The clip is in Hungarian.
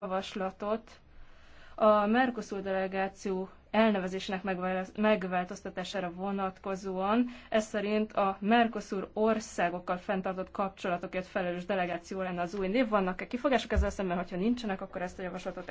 javaslatot a Mercosur delegáció elnevezésének megváltoztatására vonatkozóan, ez szerint a Mercosur országokkal fenntartott kapcsolatokért felelős delegáció lenne az új név. Vannak-e kifogások ezzel szemben, hogyha nincsenek, akkor ezt a javaslatot